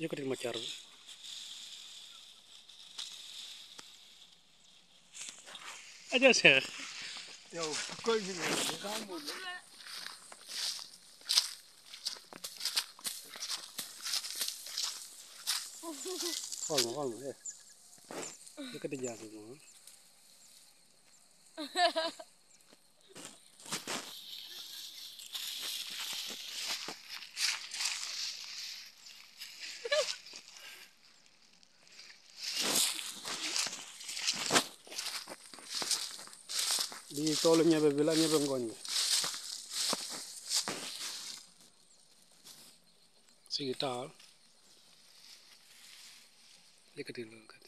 juga ma macar aja sih ya koy ini kamu kalau xool ma eh yëkkati semua bi toolu ñebe bi la ñebe ngooñ bi si ngi taal yëkkati loolu kat